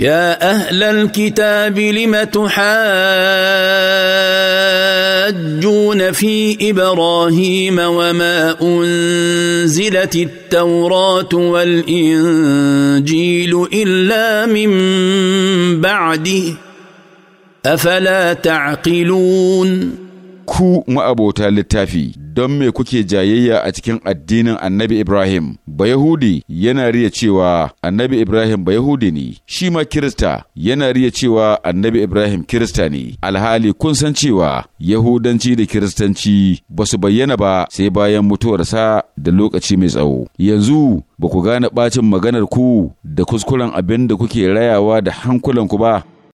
يا اهل الكتاب لم تحاجون في ابراهيم وما انزلت التوراه والانجيل الا من بعده افلا تعقلون ku ma'abota littafi, don me kuke jayayya a cikin addinin annabi Ibrahim, ba Yahudi yana riya cewa annabi Ibrahim ba Yahudi ne, shi ma Kirista yana riya cewa annabi Ibrahim Kirista ne, alhali kun san cewa Yahudanci da Kiristanci ba su bayyana ba sai bayan mutuwarsa da lokaci mai tsawo. Yanzu ba ku gane ɓacin maganar ku da kuskuren abin da kuke rayawa da hankulanku ba.